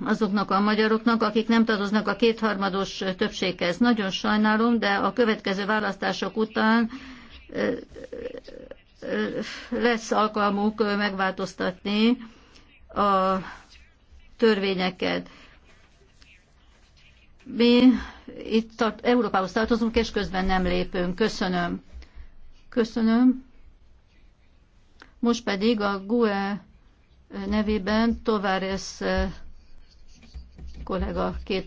azoknak a magyaroknak, akik nem tartoznak a kétharmados többséghez. Nagyon sajnálom, de a következő választások után lesz alkalmuk megváltoztatni a törvényeket. Mi itt tart, Európához tartozunk, és közben nem lépünk. Köszönöm. Köszönöm. Most pedig a GUE nevében Továres kollega két